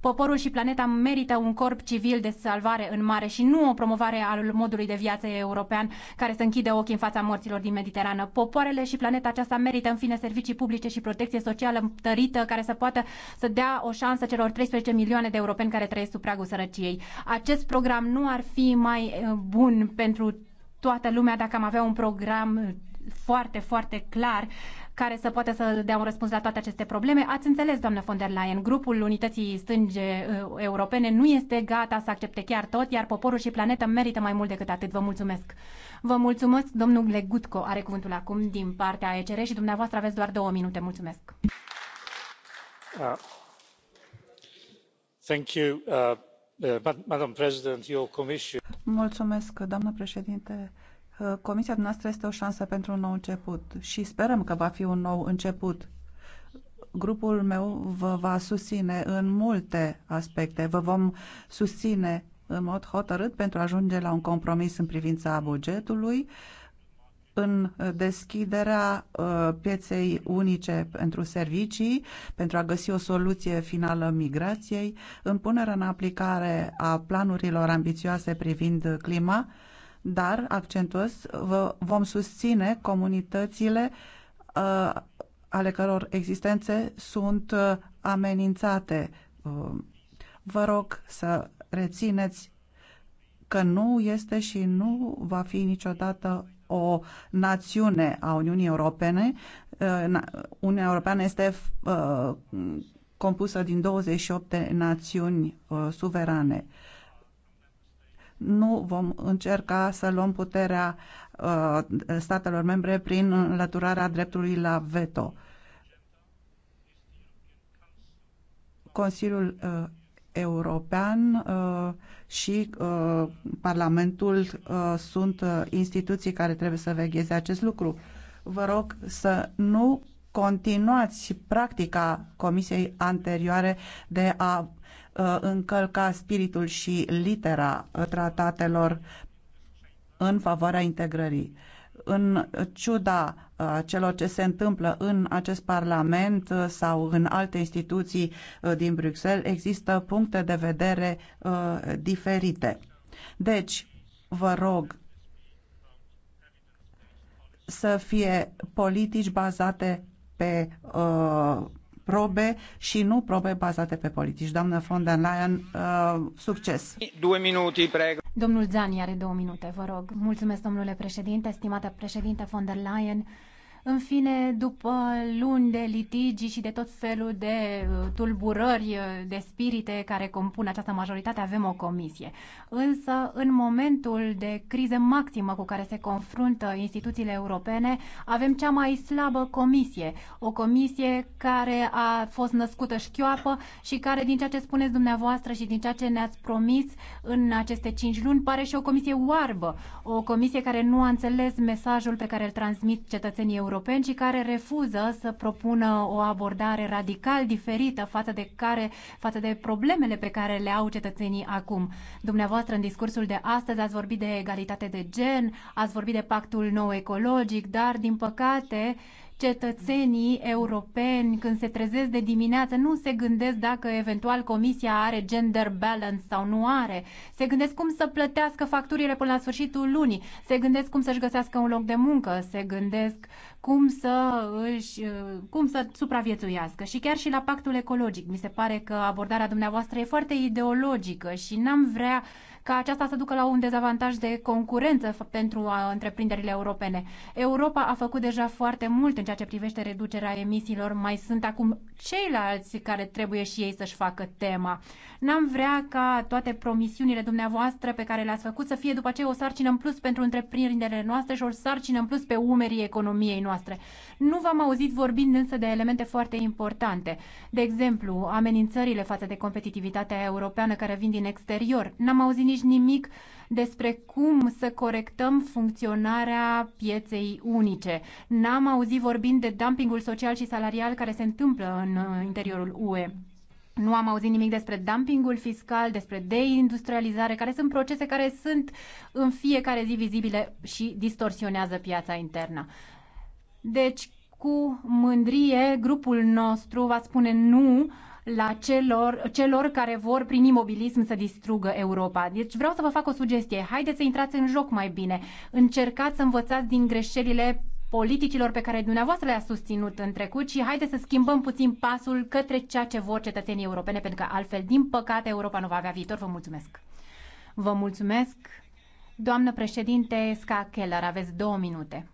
Poporul și planeta merită un corp civil de salvare în mare și nu o promovare al modului de viață european care să închide ochii în fața morților din Mediterană. Popoarele și planeta aceasta merită în fine servicii publice și protecție socială întărită care să poată să dea o șansă celor 13 milioane de europeni care trăiesc sub pragul sărăciei. Acest program nu ar fi mai eh, bun pentru toată lumea dacă am avea un program foarte, foarte clar care să poată să dea un răspuns la toate aceste probleme. Ați înțeles, doamnă von der Leyen, grupul Unității Stânge uh, Europene nu este gata să accepte chiar tot, iar poporul și planeta merită mai mult decât atât. Vă mulțumesc! Vă mulțumesc, domnule Gutco are cuvântul acum din partea ECR și dumneavoastră aveți doar două minute. Mulțumesc! Uh, thank you, uh, uh, Madam President, your commission. Mulțumesc, doamnă președinte Comisia noastră este o șansă pentru un nou început și sperăm că va fi un nou început. Grupul meu vă va susține în multe aspecte. Vă vom susține în mod hotărât pentru a ajunge la un compromis în privința bugetului, în deschiderea uh, pieței unice pentru servicii, pentru a găsi o soluție finală migrației, în punerea în aplicare a planurilor ambițioase privind clima, dar, accentuos, vom susține comunitățile uh, ale căror existențe sunt uh, amenințate. Uh, vă rog să rețineți că nu este și nu va fi niciodată o națiune a Uniunii Europene. Uh, Uniunea Europeană este uh, compusă din 28 de națiuni uh, suverane nu vom încerca să luăm puterea uh, statelor membre prin înlăturarea dreptului la veto. Consiliul uh, European uh, și Parlamentul sunt instituții care trebuie să vegheze acest lucru. Vă rog să nu continuați practica Comisiei anterioare de a Uh, încălca spiritul și litera uh, tratatelor în favoarea integrării. În ciuda uh, celor ce se întâmplă în acest Parlament sau în alte instituții din Bruxelles, există puncte de vedere diferite. Deci, vă rog să fie politici bazate pe uh, probe și nu probe bazate pe politici. Doamnă von der Leyen, uh, succes! Două minute, preg. Domnul Zani are două minute, vă rog. Mulțumesc, domnule președinte, stimată președinte von der Leyen. În fine, după luni de litigi și de tot felul de uh, tulburări uh, de spirite care compun această majoritate, avem o comisie. Însă, în momentul de criză maximă cu care se confruntă instituțiile europene, avem cea mai slabă comisie. O comisie care a fost născută șchioapă și care, din ceea ce spuneți dumneavoastră și din ceea ce ne-ați promis în aceste cinci luni, pare și o comisie oarbă. O comisie care nu a înțeles mesajul pe care îl transmit cetățenii europeni europeni și care refuză să propună o abordare radical diferită față de, care, față de problemele pe care le au cetățenii acum. Dumneavoastră, în discursul de astăzi, ați vorbit de egalitate de gen, ați vorbit de pactul nou ecologic, dar, din păcate, cetățenii europeni, când se trezesc de dimineață, nu se gândesc dacă eventual comisia are gender balance sau nu are. Se gândesc cum să plătească facturile până la sfârșitul lunii. Se gândesc cum să-și găsească un loc de muncă. Se gândesc cum să, își, cum să supraviețuiască. Și chiar și la pactul ecologic. Mi se pare că abordarea dumneavoastră e foarte ideologică și n-am vrea ca aceasta să ducă la un dezavantaj de concurență pentru întreprinderile europene. Europa a făcut deja foarte mult în ceea ce privește reducerea emisiilor, mai sunt acum ceilalți care trebuie și ei să-și facă tema. N-am vrea ca toate promisiunile dumneavoastră pe care le-ați făcut să fie după aceea o sarcină în plus pentru întreprinderile noastre și o sarcină în plus pe umerii economiei noastre. Nu v-am auzit vorbind însă de elemente foarte importante. De exemplu, amenințările față de competitivitatea europeană care vin din exterior. N-am auzit nici zici nimic despre cum să corectăm funcționarea pieței unice. N-am auzit vorbind de dumpingul social și salarial care se întâmplă în uh, interiorul UE. Nu am auzit nimic despre dumpingul fiscal, despre deindustrializare, care sunt procese care sunt în fiecare zi vizibile și distorsionează piața internă. Deci, cu mândrie, grupul nostru va spune nu la celor, celor care vor prin imobilism să distrugă Europa. Deci vreau să vă fac o sugestie. Haideți să intrați în joc mai bine. Încercați să învățați din greșelile politicilor pe care dumneavoastră le-a susținut în trecut și haideți să schimbăm puțin pasul către ceea ce vor cetățenii europene, pentru că altfel, din păcate, Europa nu va avea viitor. Vă mulțumesc! Vă mulțumesc! Doamnă președinte Ska Keller, aveți două minute.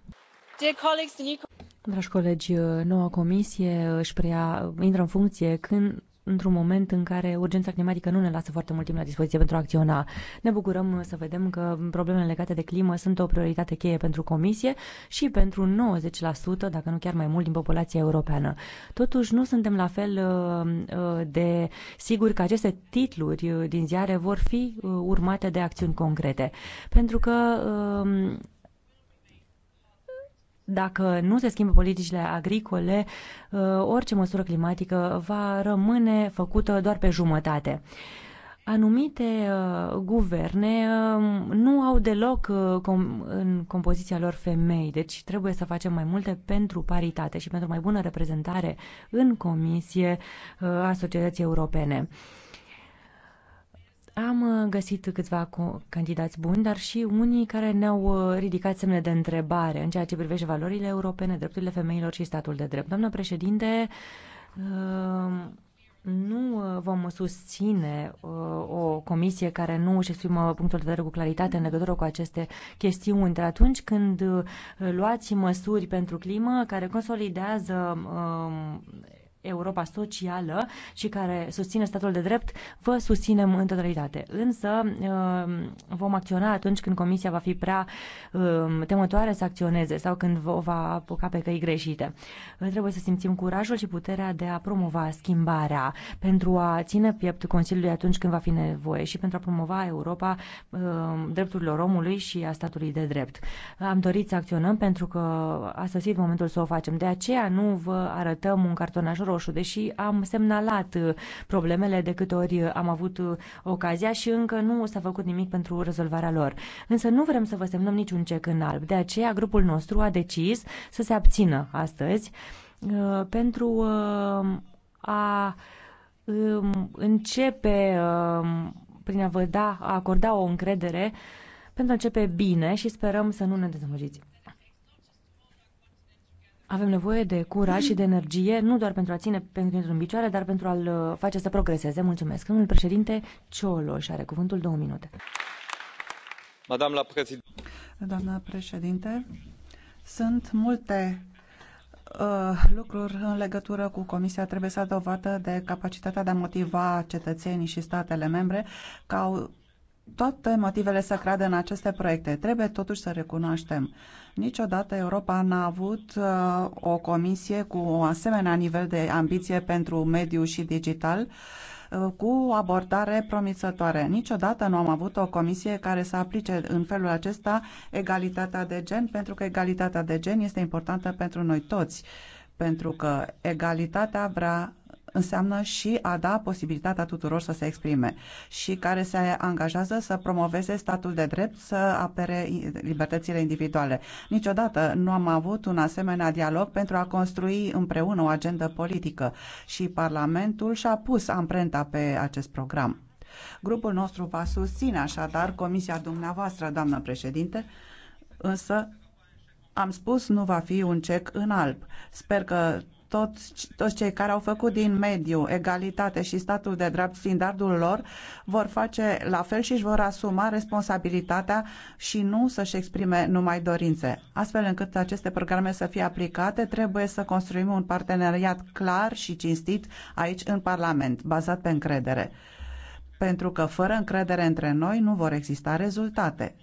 Dragi colegi, noua comisie își preia, intră în funcție când într-un moment în care urgența climatică nu ne lasă foarte mult timp la dispoziție pentru a acționa. Ne bucurăm să vedem că problemele legate de climă sunt o prioritate cheie pentru Comisie și pentru 90%, dacă nu chiar mai mult, din populația europeană. Totuși, nu suntem la fel uh, uh, de siguri că aceste titluri uh, din ziare vor fi urmate de acțiuni concrete. Pentru că dacă nu se schimbă politicile agricole, uh, orice măsură climatică va rămâne făcută doar pe jumătate. Anumite uh, guverne um, nu au deloc uh, în compoziția lor femei, deci trebuie să facem mai multe pentru paritate și pentru mai bună reprezentare în comisie a societății europene. Am uh, găsit câțiva candidați buni, dar și unii care ne-au uh, ridicat semne de întrebare în ceea ce privește valorile europene, drepturile femeilor și statul de drept. Doamna președinte, uh, nu vom susține o comisie care nu își exprimă punctul de vedere cu claritate în legătură cu aceste chestiuni. Dar atunci când luați măsuri pentru climă care consolidează um, Europa Socială și care susține statul de drept, vă susținem în totalitate. Însă um, vom acționa atunci când Comisia va fi prea um, temătoare să acționeze sau când vă va apuca pe căi greșite. Trebuie să simțim curajul și puterea de a promova schimbarea pentru a ține piept Consiliului atunci când va fi nevoie și pentru a promova Europa um, drepturilor omului și a statului de drept. Am dorit să acționăm pentru că a sosit momentul să o facem. De aceea nu vă arătăm un cartonaj roșu roșu, deși am semnalat uh, problemele de câte ori uh, am avut uh, ocazia și încă nu s-a făcut nimic pentru rezolvarea lor. Însă nu vrem să vă semnăm niciun cec în alb. De aceea, grupul nostru a decis să se abțină astăzi pentru a um, începe um, prin a vă da, a acorda o încredere pentru a începe bine și sperăm să nu ne dezamăgiți. Avem nevoie de curaj și de energie, nu doar pentru a ține pentru în picioare, dar pentru a-l uh, face să progreseze. Mulțumesc. Domnul președinte Cioloș are cuvântul două minute. Doamna președinte, sunt multe uh, lucruri în legătură cu Comisia trebuie să dovadă de capacitatea de a motiva cetățenii și statele membre ca toate motivele să creadă în aceste proiecte. Trebuie totuși să recunoaștem. Niciodată Europa n-a avut uh, o comisie cu o asemenea nivel de ambiție pentru mediu și digital uh, cu abordare promițătoare. Niciodată nu am avut o comisie care să aplice în felul acesta egalitatea de gen, pentru că egalitatea de gen este importantă pentru noi toți, pentru că egalitatea vrea înseamnă și a da posibilitatea tuturor să se exprime și care se angajează să promoveze statul de drept, să apere libertățile individuale. Niciodată nu am avut un asemenea dialog pentru a construi împreună o agendă politică și Parlamentul și-a pus amprenta pe acest program. Grupul nostru va susține așadar comisia dumneavoastră, doamnă președinte, însă am spus nu va fi un cec în alb. Sper că toți, toți cei care au făcut din mediu, egalitate și statul de drept standardul lor, vor face la fel și își vor asuma responsabilitatea și nu să-și exprime numai dorințe. Astfel încât aceste programe să fie aplicate, trebuie să construim un parteneriat clar și cinstit aici în Parlament, bazat pe încredere. Pentru că fără încredere între noi nu vor exista rezultate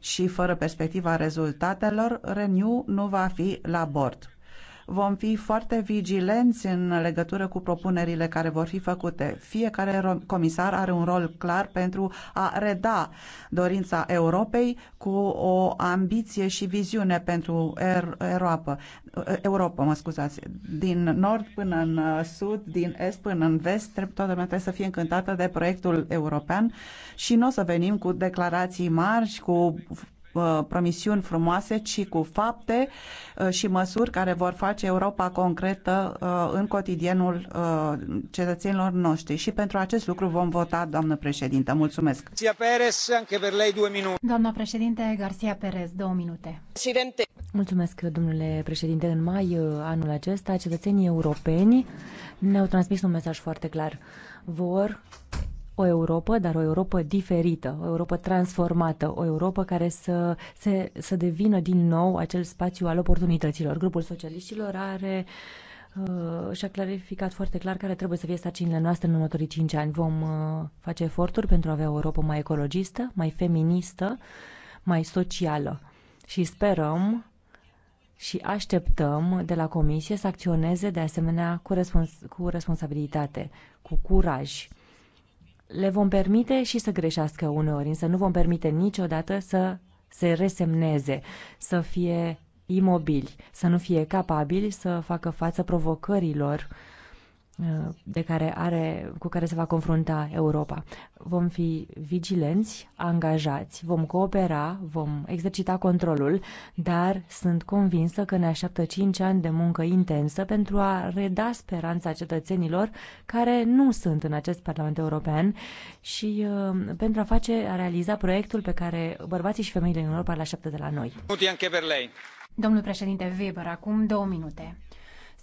și fără perspectiva rezultatelor, Renew nu va fi la bord. Vom fi foarte vigilenți în legătură cu propunerile care vor fi făcute. Fiecare comisar are un rol clar pentru a reda dorința Europei cu o ambiție și viziune pentru Europa. Er- Europa, mă scuzați. Din nord până în uh, sud, din est până în vest, toată lumea trebuie să fie încântată de proiectul european și nu o să venim cu declarații mari, cu Uh, promisiuni frumoase, ci cu fapte uh, și măsuri care vor face Europa concretă uh, în cotidianul cetățenilor noștri. Și pentru acest lucru vom vota, doamnă președintă. Mulțumesc. Garcia Perez, anche per minute. Doamna președinte Garcia Perez, două minute. Presidente. Mulțumesc, domnule președinte. În mai anul acesta, cetățenii europeni ne-au transmis un mesaj foarte clar. Vor o Europa, dar o Europa diferită, o Europa transformată, o Europa care să, se, să devină din nou acel spațiu al oportunităților. Grupul socialiștilor are uh, și-a clarificat foarte clar care trebuie să fie sarcinile noastre în următorii cinci ani. Vom uh, face eforturi pentru a avea o Europa mai ecologistă, mai feministă, mai socială. Și sperăm și așteptăm de la Comisie să acționeze de asemenea cu, respons- cu responsabilitate, cu curaj le vom permite și să greșească uneori, însă nu vom permite niciodată să se resemneze, să fie imobili, să nu fie capabili să facă față provocărilor de care are, cu care se va confrunta Europa. Vom fi vigilenți, angajați, vom coopera, vom exercita controlul, dar sunt convinsă că ne așteaptă 5 ani de muncă intensă pentru a reda speranța cetățenilor care nu sunt în acest Parlament European și uh, pentru a face, a realiza proiectul pe care bărbații și femeile în Europa îl așteaptă de la noi. Domnul președinte Weber, acum două minute.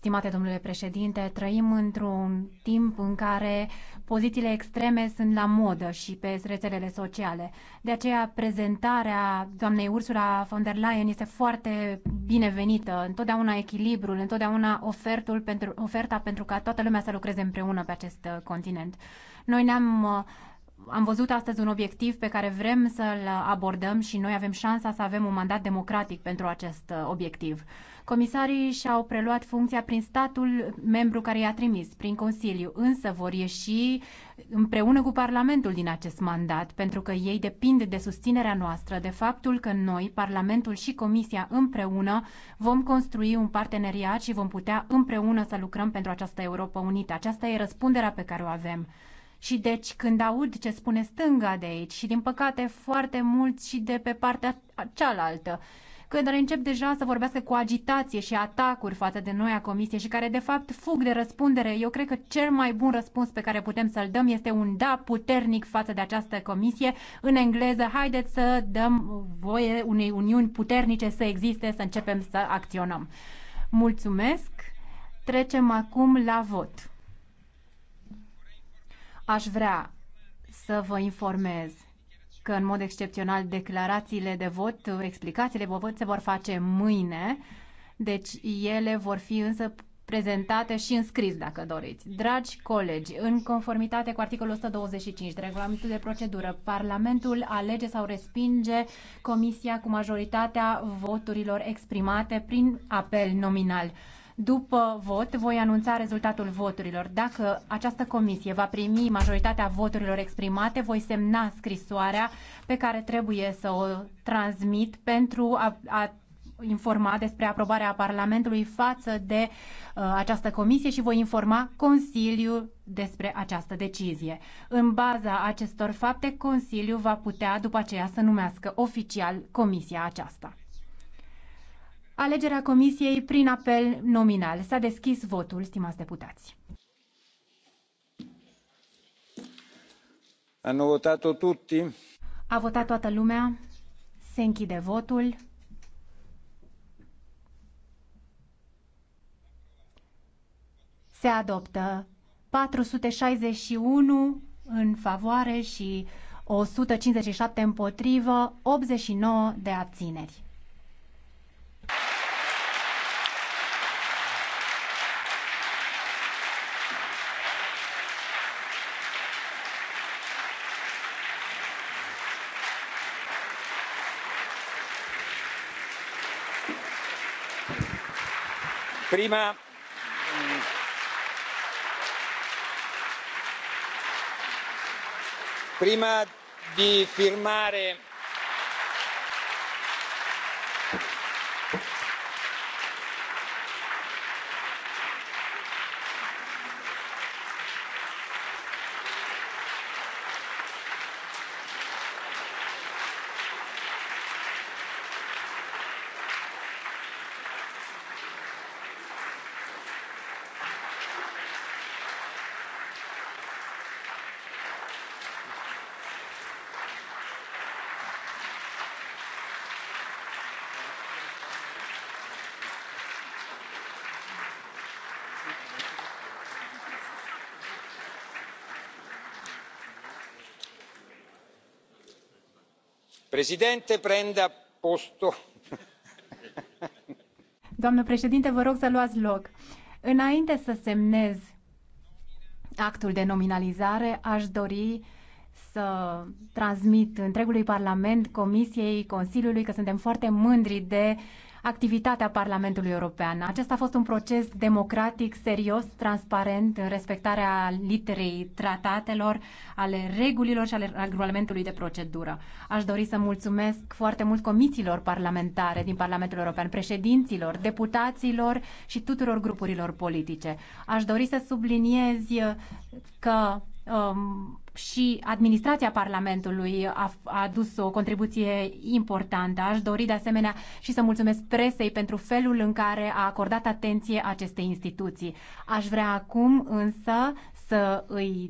Stimate domnule președinte, trăim într-un timp în care pozițiile extreme sunt la modă și pe rețelele sociale. De aceea prezentarea doamnei Ursula von der Leyen este foarte binevenită. Întotdeauna echilibrul, întotdeauna ofertul pentru, oferta pentru ca toată lumea să lucreze împreună pe acest uh, continent. Noi ne-am uh, am văzut astăzi un obiectiv pe care vrem să-l abordăm și noi avem șansa să avem un mandat democratic pentru acest uh, obiectiv. Comisarii și-au preluat funcția prin statul membru care i-a trimis, prin Consiliu, însă vor ieși împreună cu Parlamentul din acest mandat, pentru că ei depind de susținerea noastră, de faptul că noi, Parlamentul și Comisia împreună, vom construi un parteneriat și vom putea împreună să lucrăm pentru această Europa Unită. Aceasta e răspunderea pe care o avem. Și deci când aud ce spune stânga de aici și din păcate foarte mulți și de pe partea cealaltă, când dar încep deja să vorbească cu agitație și atacuri față de noi a comisie și care de fapt fug de răspundere. Eu cred că cel mai bun răspuns pe care putem să-l dăm este un da puternic față de această comisie. În engleză, haideți să dăm voie unei uniuni puternice să existe, să începem să acționăm. Mulțumesc! Trecem acum la vot. Aș vrea să vă informez că în mod excepțional declarațiile de vot, explicațiile de vot se vor face mâine, deci ele vor fi însă prezentate și în scris, dacă doriți. Dragi colegi, în conformitate cu articolul 125 de regulamentul de procedură, Parlamentul alege sau respinge comisia cu majoritatea voturilor exprimate prin apel nominal. După vot, voi anunța rezultatul voturilor. Dacă această comisie va primi majoritatea voturilor exprimate, voi semna scrisoarea pe care trebuie să o transmit pentru a, a informa despre aprobarea Parlamentului față de uh, această comisie și voi informa Consiliul despre această decizie. În baza acestor fapte, Consiliul va putea după aceea să numească oficial comisia aceasta alegerea comisiei prin apel nominal. S-a deschis votul, stimați deputați. Hanno votato tutti? A votat toată lumea. Se închide votul. Se adoptă 461 în favoare și 157 împotrivă, 89 de abțineri. prima prima di firmare președinte Doamnă președinte, vă rog să luați loc. Înainte să semnez actul de nominalizare, aș dori să transmit întregului Parlament, Comisiei, Consiliului că suntem foarte mândri de activitatea Parlamentului European. Acesta a fost un proces democratic, serios, transparent, în respectarea literei tratatelor, ale regulilor și ale regulamentului de procedură. Aș dori să mulțumesc foarte mult comisiilor parlamentare din Parlamentul European, președinților, deputaților și tuturor grupurilor politice. Aș dori să subliniez că um, și administrația Parlamentului a, a adus o contribuție importantă. Aș dori de asemenea și să mulțumesc presei pentru felul în care a acordat atenție acestei instituții. Aș vrea acum însă să îi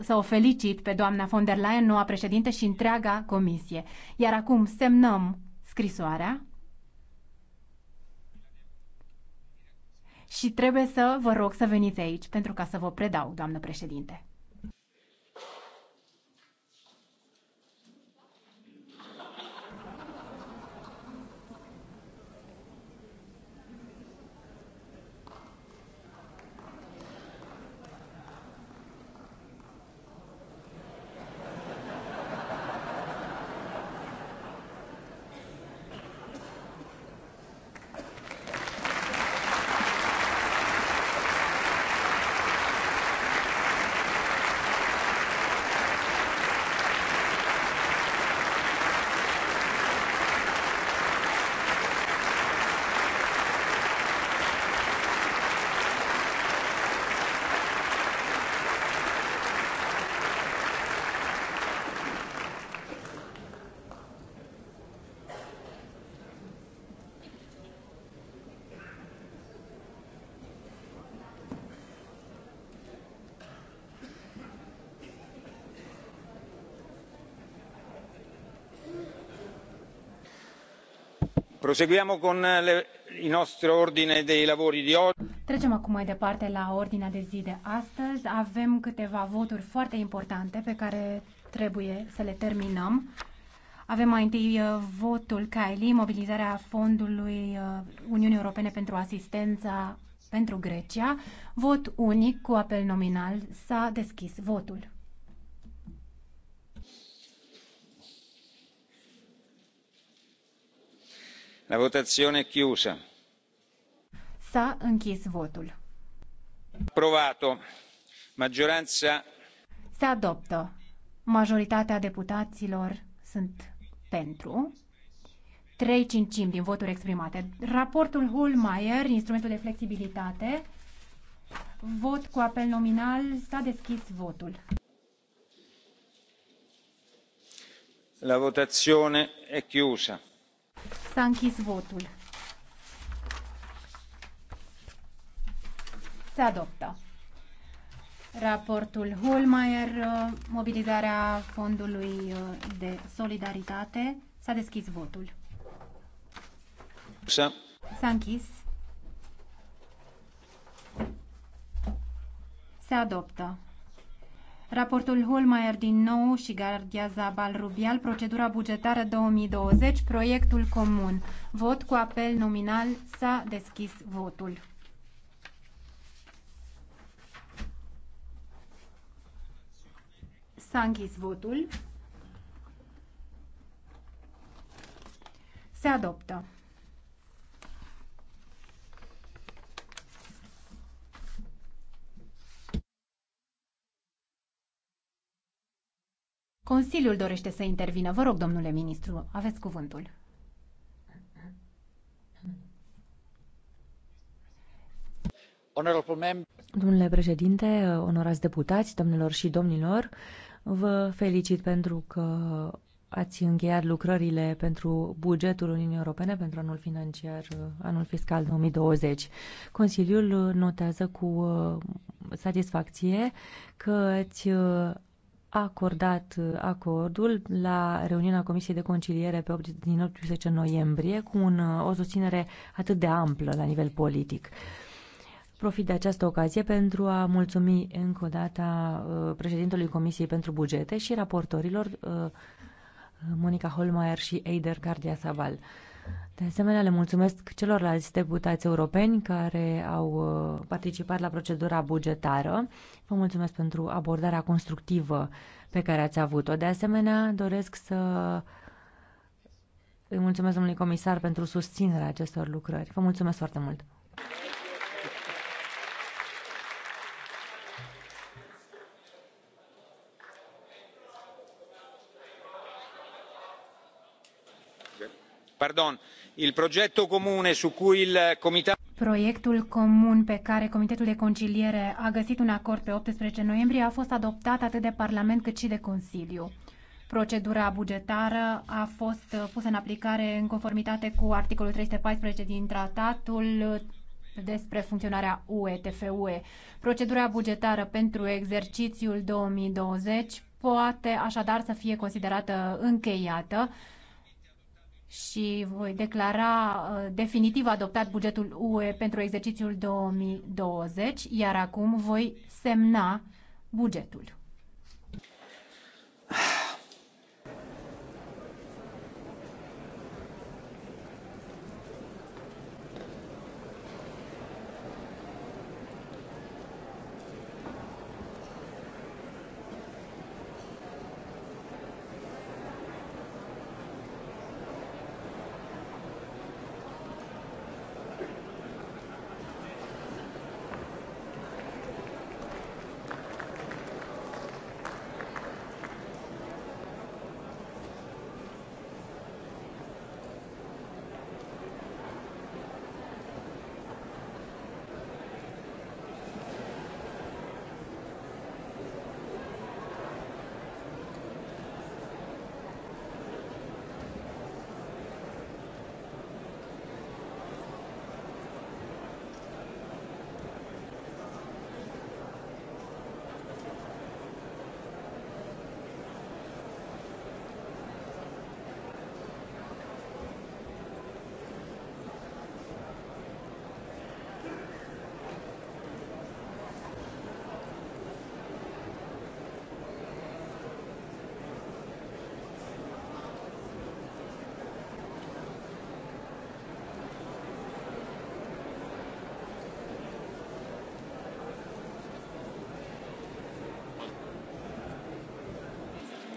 să o felicit pe doamna von der Leyen, noua președinte și întreaga comisie. Iar acum semnăm scrisoarea și trebuie să vă rog să veniți aici pentru ca să vă predau, doamnă președinte. Trecem acum mai departe la ordinea de zi de astăzi. Avem câteva voturi foarte importante pe care trebuie să le terminăm. Avem mai întâi eh, votul Kylie, mobilizarea fondului eh, Uniunii Europene pentru asistența pentru Grecia. Vot unic cu apel nominal. S-a deschis votul. La votazione è chiusa. S-a închis votul. Approvato. Maggioranza. Se adoptă. Majoritatea deputaților sunt pentru. 3 cincimi din voturi exprimate. Raportul Hulmeier, instrumentul de flexibilitate, vot cu apel nominal, s-a deschis votul. La votazione è chiusa. S-a închis votul. Se adoptă. Raportul Holmeier, uh, mobilizarea Fondului uh, de Solidaritate. S-a deschis votul. S-a închis. Se adoptă. Raportul Holmeier din nou și Gardia Zabal Rubial, procedura bugetară 2020, proiectul comun. Vot cu apel nominal. S-a deschis votul. S-a închis votul. Se adoptă. Consiliul dorește să intervină. Vă rog, domnule ministru, aveți cuvântul. Domnule președinte, onorați deputați, domnilor și domnilor, vă felicit pentru că ați încheiat lucrările pentru bugetul Uniunii Europene pentru anul financiar, anul fiscal 2020. Consiliul notează cu uh, satisfacție că ați uh, acordat uh, acordul la reuniunea Comisiei de Conciliere pe 8, din 18 noiembrie cu un, uh, o susținere atât de amplă la nivel politic. Profit de această ocazie pentru a mulțumi încă o dată uh, președintelui Comisiei pentru Bugete și raportorilor Monica Holmaier și Eider Gardia Saval. De asemenea, le mulțumesc celorlalți deputați europeni care au uh, participat la procedura bugetară. Vă mulțumesc pentru abordarea constructivă pe care ați avut-o. De asemenea, doresc să îi mulțumesc domnului comisar pentru susținerea acestor lucrări. Vă mulțumesc foarte mult! Proiectul comun pe care Comitetul de Conciliere a găsit un acord pe optsprezece noiembrie a fost adoptat atât de Parlament cât și de Consiliu. Procedura bugetară a fost pusă în aplicare în conformitate cu articolul 314 din tratatul despre funcționarea UE, TFUE. Procedura bugetară pentru exercițiul 2020 poate așadar să fie considerată încheiată și voi declara uh, definitiv adoptat bugetul UE pentru exercițiul 2020, iar acum voi semna bugetul.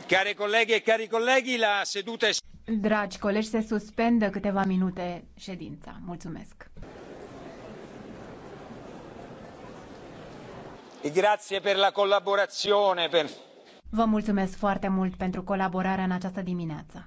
Care colegi, cari colegi, la sedute... Dragi colegi, se suspendă câteva minute ședința. Mulțumesc. Grazie per la collaborazione. Per... Vă mulțumesc foarte mult pentru colaborarea în această dimineață.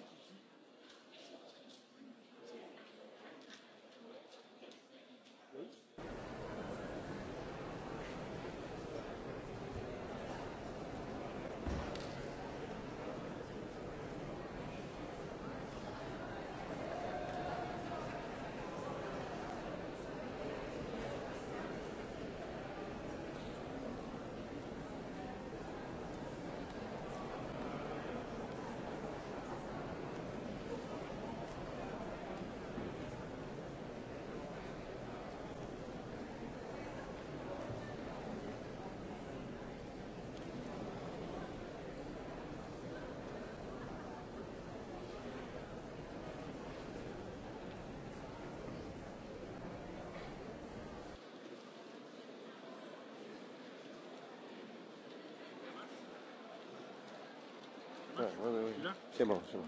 C'est bon, c'est bon.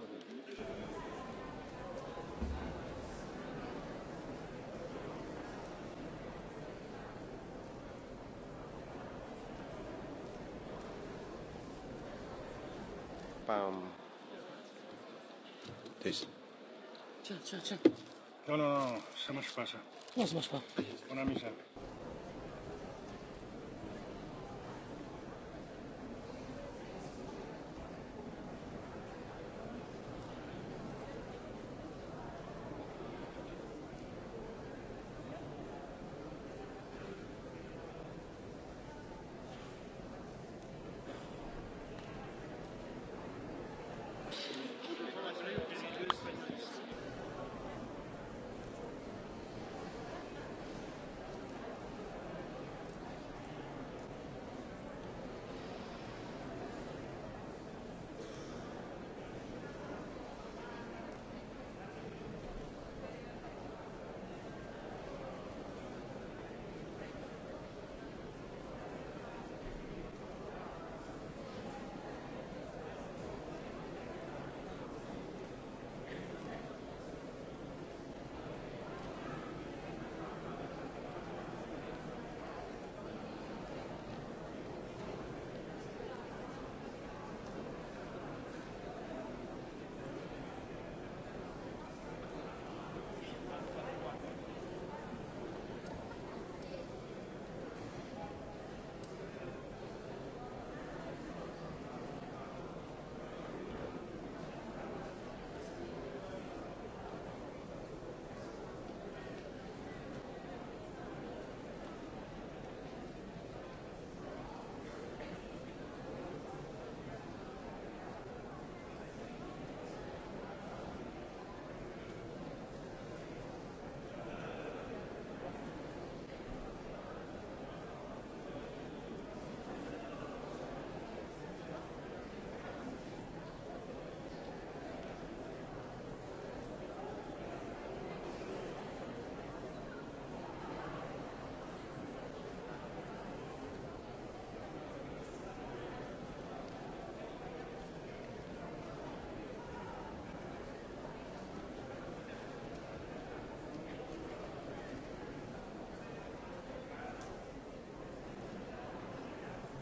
Pam. Deci. Ce, ce, ce? Nu, nu, nu, se mă spasă. Nu să mă spasă. Bună mizerie.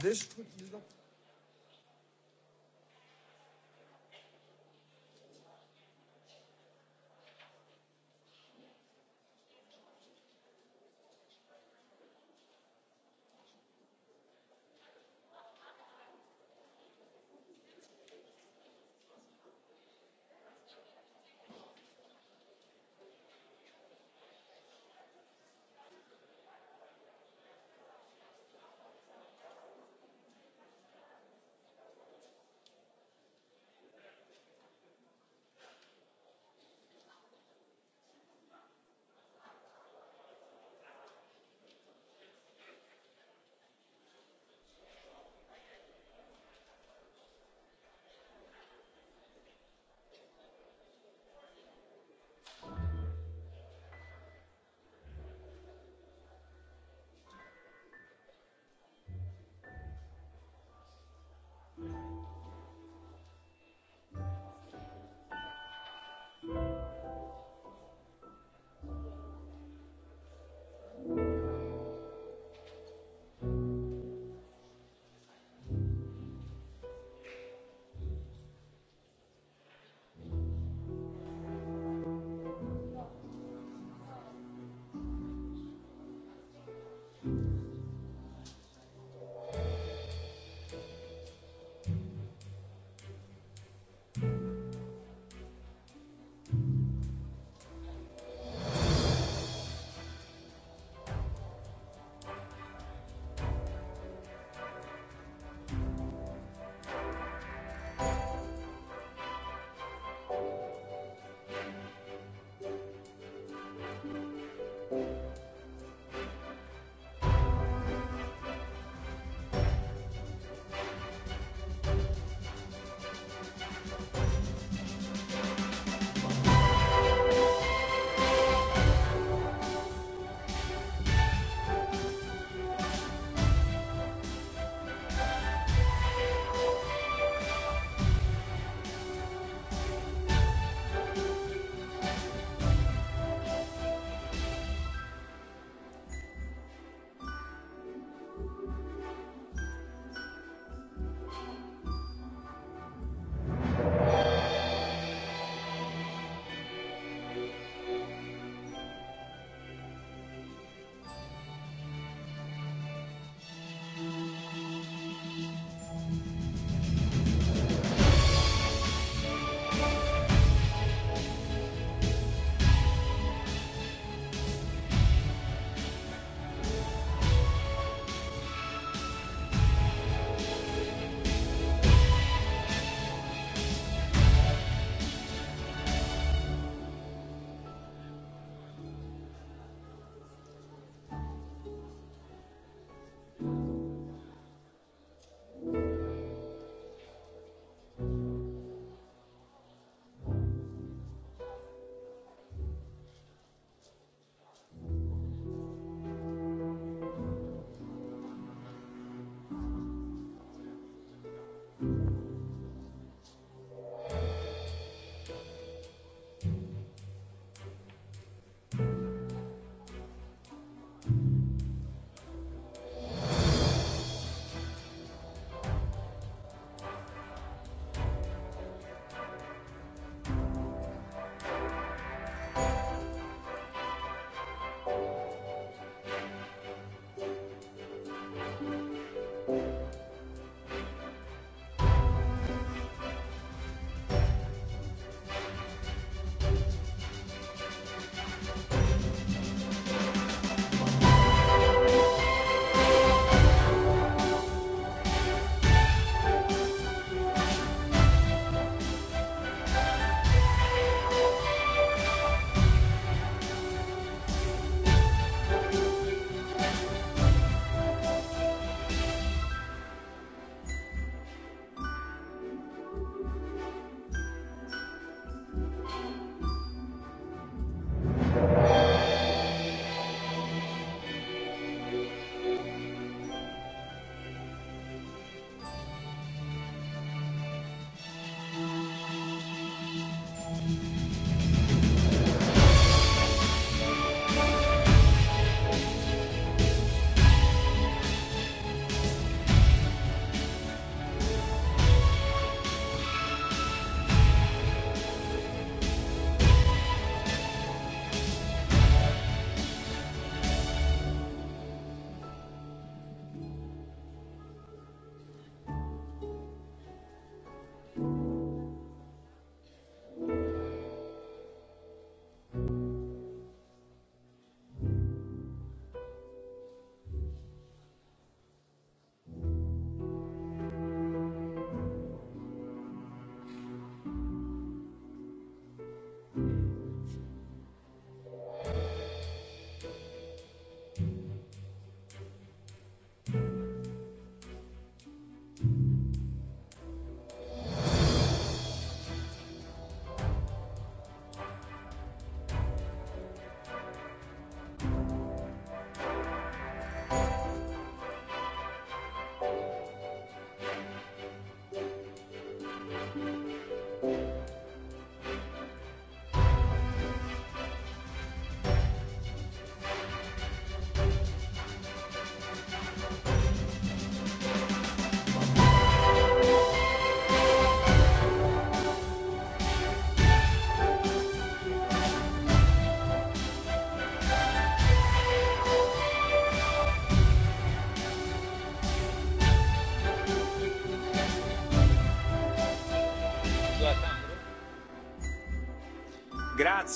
this deci,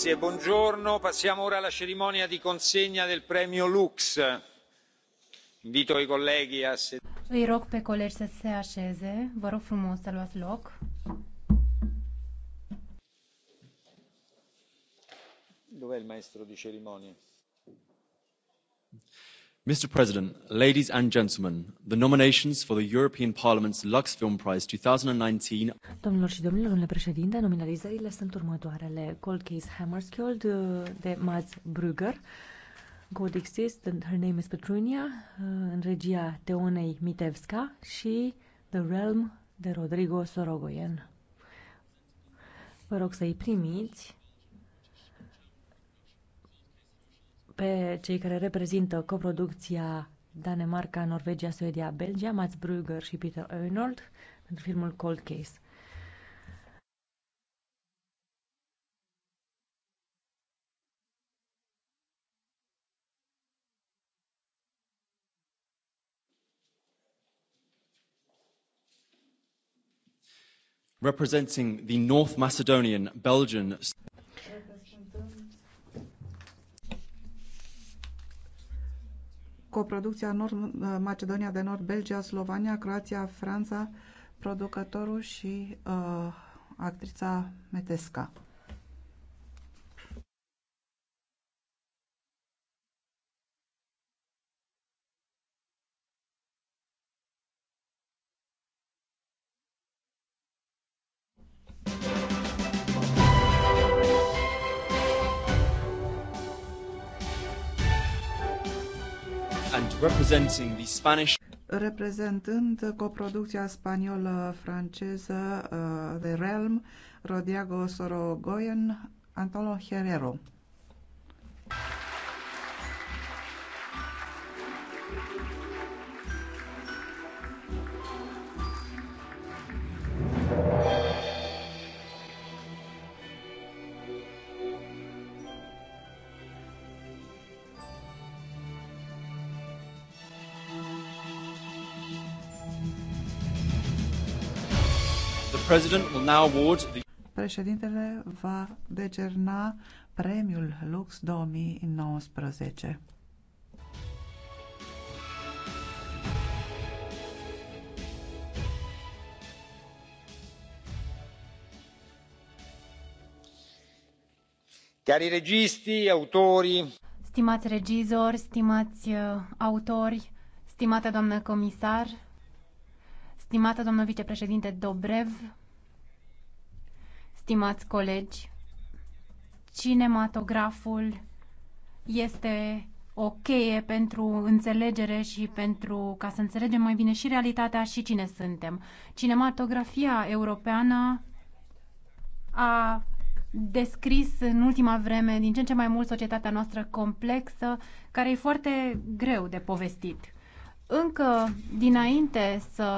grazie buongiorno passiamo ora alla cerimonia di consegna del premio lux. invito i colleghi a îi rog pe colegi să se așeze vă rog frumos să luați loc. dov'è il maestro di cerimonie? mr president ladies and gentlemen the nominations for the european parliament's lux film prize 2019 Domnilor și domnilor, domnule președinte, nominalizările sunt următoarele: Cold Case Hammerskjold uh, de Mads Brügger, God Exists, and Her Name is Petrunia, uh, în regia Teonei Mitevska și The Realm de Rodrigo Sorogoyen. Vă rog să-i primiți pe cei care reprezintă coproducția Danemarca, Norvegia, Suedia, Belgia, Mats Brugger și Peter Arnold pentru filmul Cold Case. representing the North Macedonian, Belgian coproducția Nord, uh, Macedonia de Nord, Belgia, Slovania, Croația, Franța, producătorul și uh, actrița Metesca. representing the Spanish reprezentând coproducția spaniolă franceză uh, The Realm, Rodiago Sorogoyen, Antonio Herrero. President will now award the... Președintele va decerna premiul Lux 2019. Cari registi, autori... Stimați regizori, stimați uh, autori, stimată doamnă comisar, stimată doamnă vicepreședinte Dobrev, Stimați colegi, cinematograful este o cheie pentru înțelegere și pentru ca să înțelegem mai bine și realitatea și cine suntem. Cinematografia europeană a descris în ultima vreme din ce în ce mai mult societatea noastră complexă, care e foarte greu de povestit. Încă dinainte să